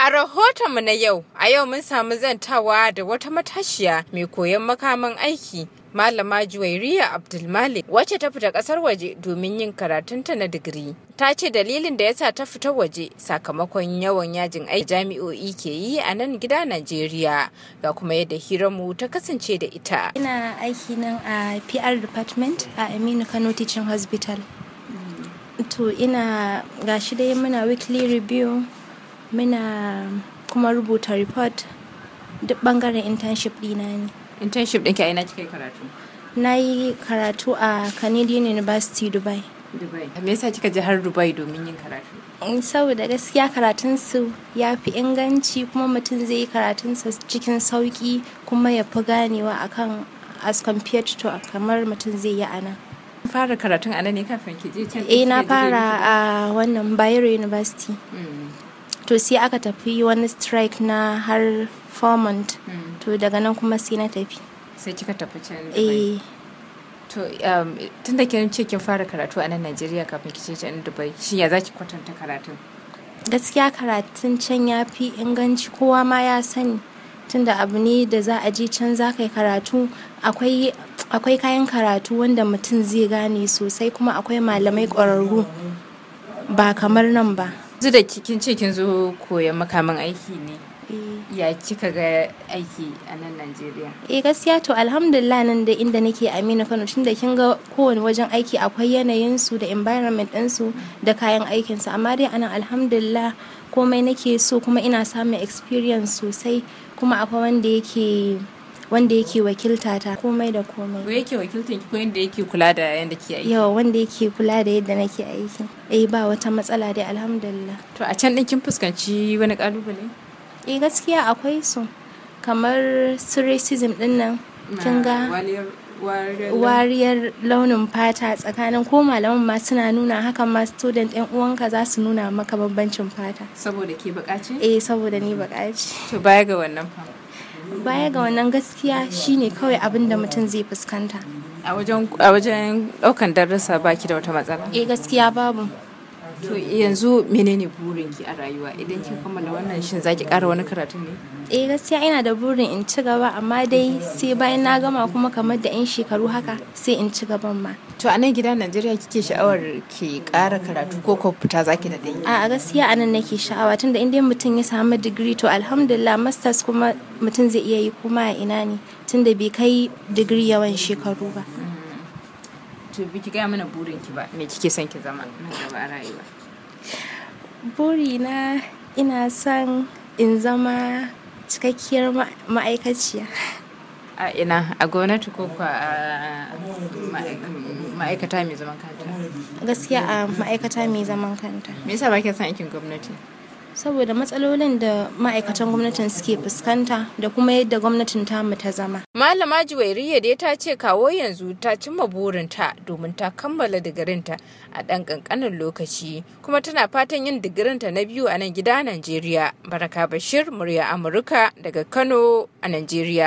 A rahoton mu na yau, a yau mun samu zantawa da wata matashiya mai koyon makaman aiki Malama Juwairiya Abdulmalik wacce ta fita ƙasar waje domin yin karatunta na digiri. Ta ce dalilin da yasa ta fita waje sakamakon yawan yajin aiki jami'o'i ke yi a nan gida Najeriya ga kuma yadda hiranmu ta kasance da ita. Ina aiki nan a PR department a Aminu Kano Teaching Hospital. To ina gashi dai muna weekly review Muna kuma rubuta report duk ɓangaren internship dina ne. Internship ɗinki a ina kika yi karatu? Na yi karatu a Canadian University Dubai. Dubai. Me yasa kika je har Dubai domin yin karatu? Mm, saboda gaskiya karatun su ya fi inganci kuma mutum zai yi karatun su cikin sauki kuma ya fi ganewa akan as compared to kamar mutum zai yi a nan. fara karatun a nan ne kafin ki je can? Eh na fara a wannan Bayero University. Mm. to sai aka tafi wani strike na har formant hmm. to daga nan kuma sai na tafi sai kika tafi can eh to um, tun da kin ce kin fara karatu a nan Najeriya kafin ki ce can Dubai shi ya zaki kwatanta karatun gaskiya karatun can ya fi inganci kowa ma ya sani tunda abu ne da za a je can za ka yi karatu akwai akwai kayan karatu wanda mutum zai gane sosai kuma akwai malamai ƙwararru ba kamar nan ba Zu da kin ce kin zo koyon makaman aiki ne. Eh. Ya kika ga aiki a nan Najeriya? Eh gaskiya to alhamdulillah nan da inda nake Aminu Kano tun da kin ga kowane wajen aiki akwai yanayin su da environment din su da kayan aikin su amma dai anan alhamdulillah komai nake so kuma ina samun experience sosai kuma akwai wanda yake wanda yake wakilta ta komai da komai ko yake wakilta ki ko yadda yake kula da yanda ke aiki yawa wanda yake kula da yadda nake aiki eh ba wata matsala dai alhamdulillah to a can din kin fuskanci wani kalubale eh gaskiya akwai su kamar su racism din nan kin ga wariyar launin fata tsakanin ko malaman ma suna nuna hakan ma student ɗan uwanka za su nuna maka bambancin fata saboda ke bukaci eh saboda ni bukaci to baya ga wannan fa baya ga wannan gaskiya shine kawai abin da mutum zai fuskanta a wajen ɗaukan darussa baki da wata matsala eh gaskiya babu to yanzu menene burinki a rayuwa idan kin kammala wannan shin zaki ƙara wani karatu ne eh gaskiya ina da burin in ci gaba amma dai sai bayan na gama kuma kamar da in shekaru haka sai in ci gaban ma to a nan gidan najeriya kike sha'awar ki kara karatu ko ko fita zaki da dai a gaskiya a nan nake sha'awa tunda in mutum ya samu digiri to alhamdulillah masters kuma mutum zai iya yi kuma a ina ne tunda bai kai digiri yawan shekaru ba to biki gaya mana burin ki ba me kike son ki zama nan gaba a rayuwa buri na ina son in zama cikakkiyar ma'aikaciya a ina a gwamnati ko kwa a ma'aikata mai zaman kanta gaskiya a ma'aikata mai zaman kanta me yasa ba ke son aikin gwamnati saboda matsalolin da ma'aikatan gwamnatin suke fuskanta da kuma yadda gwamnatin ta tamu ta zama. Malama Juwairiyya dai ta ce kawo yanzu ta cimma burinta domin ta kammala digirinta a ɗan ƙanƙanin lokaci kuma tana fatan yin digirinta na biyu a nan gida Najeriya. Baraka Bashir, murya Amurka daga Kano a Najeriya.